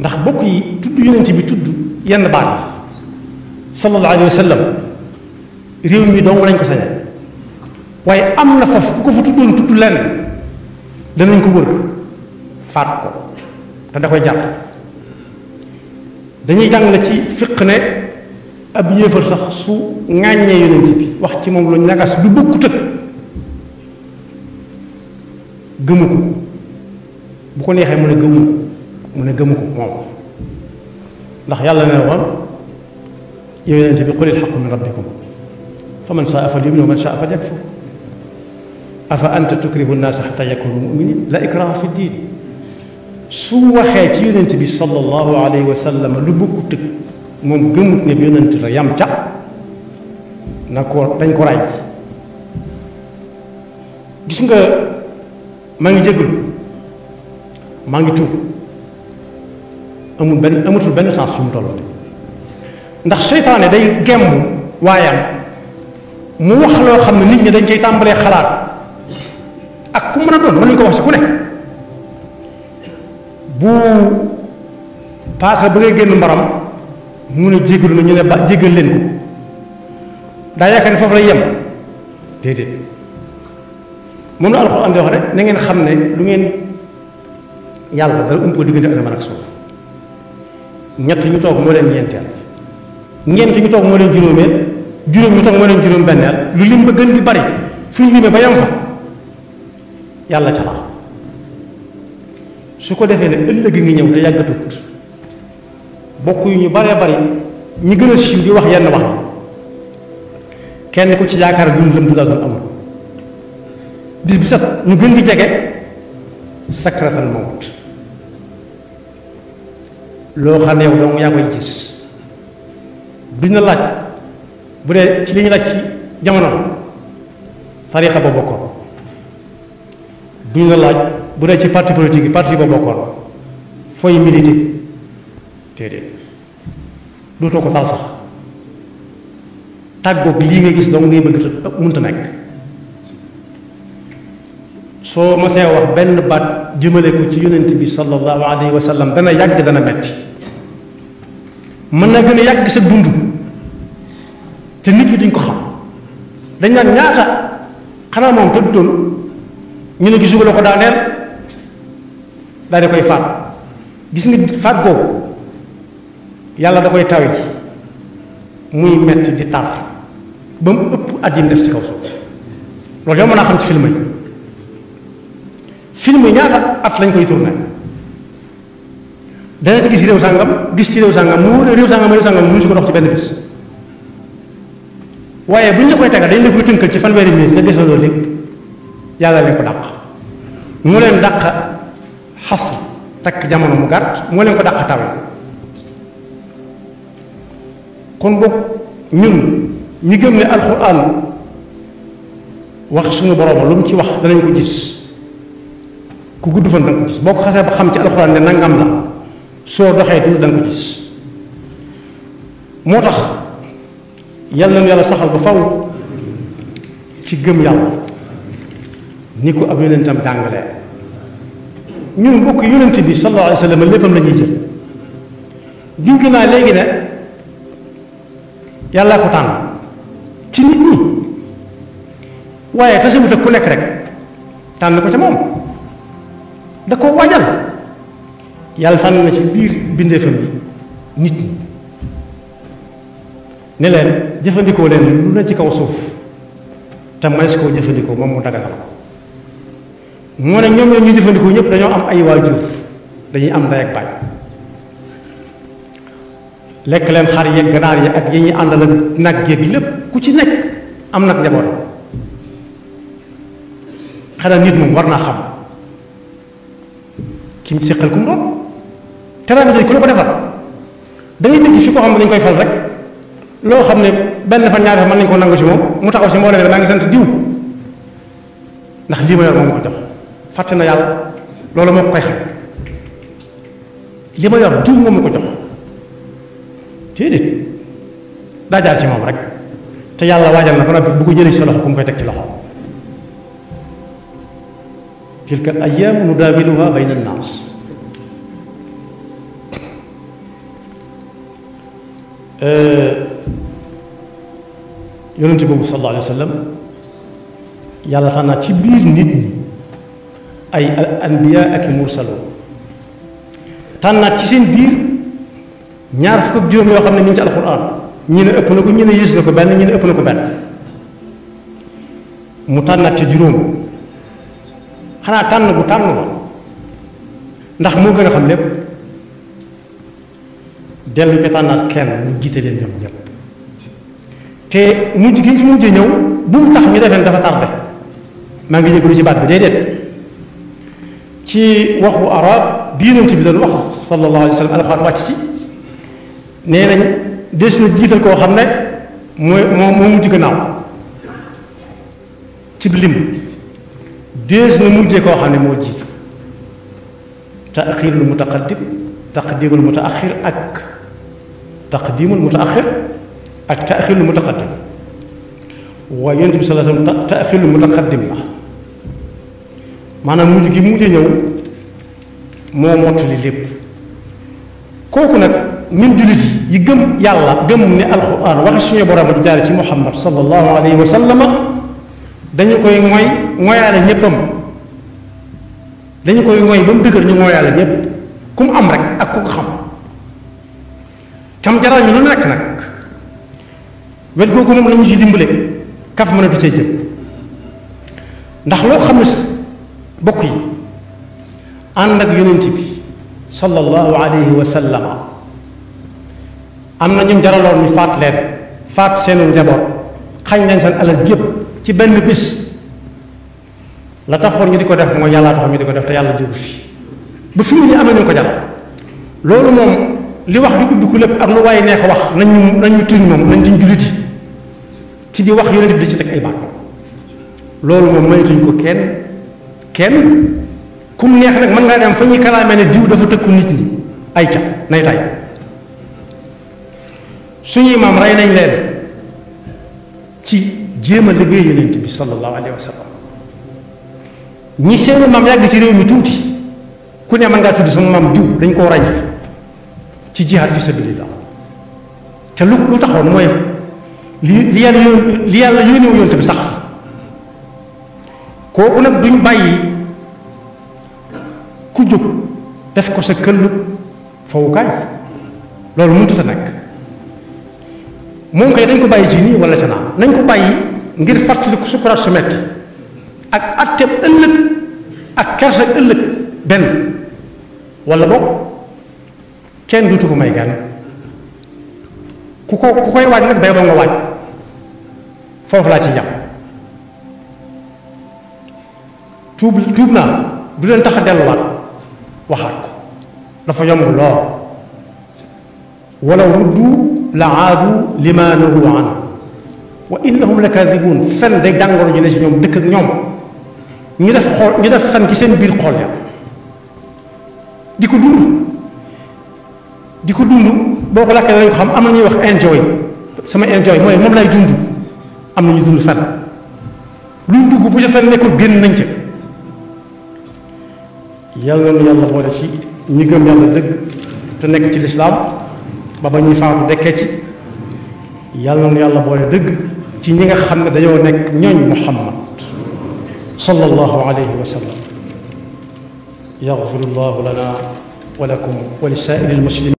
ndax bokk yi tudd yonent bi tudd yenn baat yi sallallahu alayhi wa sallam réew mi dong lañ ko sañe waaye am na foofu ku ko fa tuddoon tudd lenn danañ ko wër faat ko te da koy jàpp dañuy jàngale ci fiq ne ab yéefar sax su ŋàññee yonent bi wax ci moom lu ñagas du bëgg tëg gëmu ko bu ko neexee mu ne gëmu mu ne gëmu ko moom ndax yàlla ne woon yow yonente bi qulil xaqu min rabbikum fa man saa fal yumin wa man saa fal yakfur afa anta tukrihu nnaasa xata yakunu muminin la ikraha fi diin su waxee ci yonente bi sallallahu alayhi wa sallam lu bëggu tëg moom gëmut ne bi yonente la yam ca na ko dañ ko ray gis nga maa ngi jégalu maa ngi tuub amul ben amul ben sans sum mu ndax seytaane day gemb wayam mu wax lo xam nit ñi dañ cey tambalé xalaat ak ku mëna doon mën ko wax ci ku ne bu paaka ba ngay génn mbaram mu ne jégalu ñu ne ba jéggal leen ko da yaakaar ne foofu lay yem déedéet moom la alxuraan di wax rek na ngeen xam lu ngeen yalla da umpo ko ak adama ak suuf ñett ñu toog moo leen ñeenteel ñeent ñu toog moo leen juróomeel juróom ñu toog moo leen juróom benneel lu lim ba gën bi bari fu ñu limee ba yam fa yàlla ca su ko defee nag ëllëg ngi ñëw te yàggatut bokk yu ñu baree bari ñu gën a siiw di wax yenn wax yi kenn ku ci yaakaar bu ñu lëmb daa doon amul bis bi ñu gën di jege sakratan mawt loo xam ne yow dong yaa koy gis duñ la laaj bu dee ci li ñu laaj ci jamono tarixa ba bokkoon duñ la laaj bu dee ci parti politique yi parti ba bokkoon fooy milité déedéet dootoo ko taal sax tàggoog lii nga gis dong ngay bëgg te mënta nekk soo ma see wax benn baat jëmale ko ci yonent bi sallallahu alayhi wa sallam dana yàgg dana metti mën na gën a yàgg sa dund te nit ñi dañ ko xam dañ naan ñaata xanaa moom tëdd toon ñu ne gisuba la ko daaneel daal di koy faat gis nga faat boobu yàlla da koy tawi muy metti di tar ba mu ëpp at yi mu def ci kaw suuf loolu yow mën naa xam ci film yi film yi ñaata at lañ koy tourné dana ci gis réew sàngam gis ci réew sàngam mu réew sàngam réew sàngam mënu su ko dox ci benn bis waaye buñ la koy tegal dañ la koy tënkal ci fanweeri minute nga gisoo loolu lépp yàlla leen ko dàq mu leen dàq xas takk jamono mu gàtt moo leen ko dàq tawe kon boog ñun ñi gëm ne alquran wax suñu borom lu mu ci wax danañ ko gis ku gudd fan dana ko gis boo ko xasee ba xam ci alquran ne nangam la soo doxee dund da nga ko gis moo tax yal nañu yàlla saxal ba faw ci gëm yàlla ni ko ab yonentam jàngalee ñun mbokk yonent bi sallallahu alayhi wa sallam léppam la ñuy jël junj naa léegi ne yàlla ko tànn ci nit ñi waaye tasewut ak ku nekk rek tànn ko ca moom da ko waajal yàlla tànn na ci biir bindeefam yi nit ñi ne leen jëfandikoo leen lu na ci kaw suuf te manes koo jëfandikoo moom mu daganal ko moo ne ñoom ñuy jëfandikoo ñëpp dañoo am ay waajur dañuy am ndey ak baay lekk leen xar yeeg ganaar yi ak yi ñuy àndal ak nag yeeg lépp ku ci nekk am nag njaboot xanaa nit moom war naa xam kim séqal ku mu doon teraanga jooju ku la ko defal da ngay dégg fi xam ne dañ koy fal rek loo xam ne benn fan ñaari fan mën nañu koo nangu si moom mu taxaw si mbooloo mi ngi sant diw ndax lii ma moom ma ko jox fàtte na yàlla loolu moo ko koy xam li ma moom ma ko jox déedéet rek te yàlla waajal na ba noppi bu ko jëlee ci sa loxo ku mu koy teg ci loxo tilka al ayyaamu nudaawiluhaa bayna an-naas yonent boobu sallallahu alayhi wa sallam yàlla tànnaat ci biir nit ñi ay anbiya ak i mursaloo tànnaat ci seen biir ñaar fukk ak juróom yoo xam ne ñu ngi ci alquran ñi ne ëpp na ko ñi ne yées na ko benn ñi ne ëpp na ko benn mu tànnaat ci juróom xanaa tànn bu tànn ba ndax moo gën a xam lépp dellu ca tànnaat kenn mu jiite leen ñoom ñëpp te mujj gi ñu fi mujj ñëw bu mu tax ñu defeen dafa tardé maa ngi jégalu ci baat bi déedéet ci waxu arab bii nañ ci bi doon wax sallallahu alayhi wa sallam alxuraan wàcc ci nee nañ des na jiital koo xam ne mooy moo moo mujj gannaaw ci lim dees na mujjee koo xam ne moo jiitu taaxirul mutaqaddim taqdirul mutaaxir ak تقديم المتاخر اك تاخير المتقدم وينت بصلاة تاخير المتقدم لا مانام موجي موجي نيو مو موت لي ليب كوكو نك من جلد يغم يالا غم ني القران واخ شي بروم جاري سي محمد صلى الله عليه وسلم داني كوي موي مويال نيبم داني كوي موي بام دغر ني مويال نيب كوم ام رك اك كوكو خام cam jaraay mi lu nekk nag wet googu moom la ñu si dimbale kaf mën a du cay jëm ndax loo xam ne bokk yi ànd ak yonent bi sallallahu alayhi wa sallam am na ñum jaraloon ñu faat leen faat seenu njaboot xañ leen seen alal jépp ci benn bis la taxoon ñu di ko def mooy yàlla taxoon ñu di ko def te yàlla jógu fi ba fi mu ñu amee ñu ko jaral loolu moom li wax lu ubbi ko lépp ak lu waaye neex wax nañ ñu nañ ñu tuñ moom nañ tiñ julliti ki di wax yonent bi di ci teg ay baat loolu moom maytuñ ko kenn kenn kum neex nag mën ngaa dem fa ñuy kalaamee ne diw dafa tëkku nit ñi ay ca nay tay suñuy maam rey nañ leen ci jéem a liggéey yonent bi sallallahu alayhi wa sallam ñi seenu maam yàgg ci réew mi tuuti ku ne mën ngaa tudd sama maam diw dañ koo rey ci jihaad fi sabilillah te lu lu taxoon mooy li li yàlla yoon li yàlla yónneewu yoon tamit sax kooku nag duñu bàyyi ku jóg def ko sa këllu fowukaay loolu mënut sa nekk moom kay dañ ko bàyyi ci nii wala ca nañ ko bàyyi ngir fàttali ko sukkuraat su metti ak atteeb ëllëg ak kersa ëllëg benn wala boog kenn du ci ko may gan ku ko ku koy waaj nag bayba nga waaj foofu laa ci jàpp tuub tuub naa du leen tax a delluwaat waxaat ko dafa yomb lool wala ruddu la aadu lima nahu anhu wa innahum la kaadibuun fen day jàngoro ñu ne si ñoom dëkk ak ñoom ñu def xool ñu def fan ci seen biir xool ya di ko dund di ko dund boo ko lakkee ko xam amna ñuy wax enjoy sama enjoy moy mom lay dund amna ñu dund fen luñ dugg bu ca fen nekkul génn nañ ci yàlla ñu yàlla boole ci ñi gëm yàlla dëgg te nekk ci l'islam ba ba ñuy faatu dekké ci yàlla ñu yàlla boole dëgg ci ñi nga xam ne dañoo nekk ñooñ muhammad sallallahu alayhi wa sallam يغفر الله لنا ولكم ولسائر المسلمين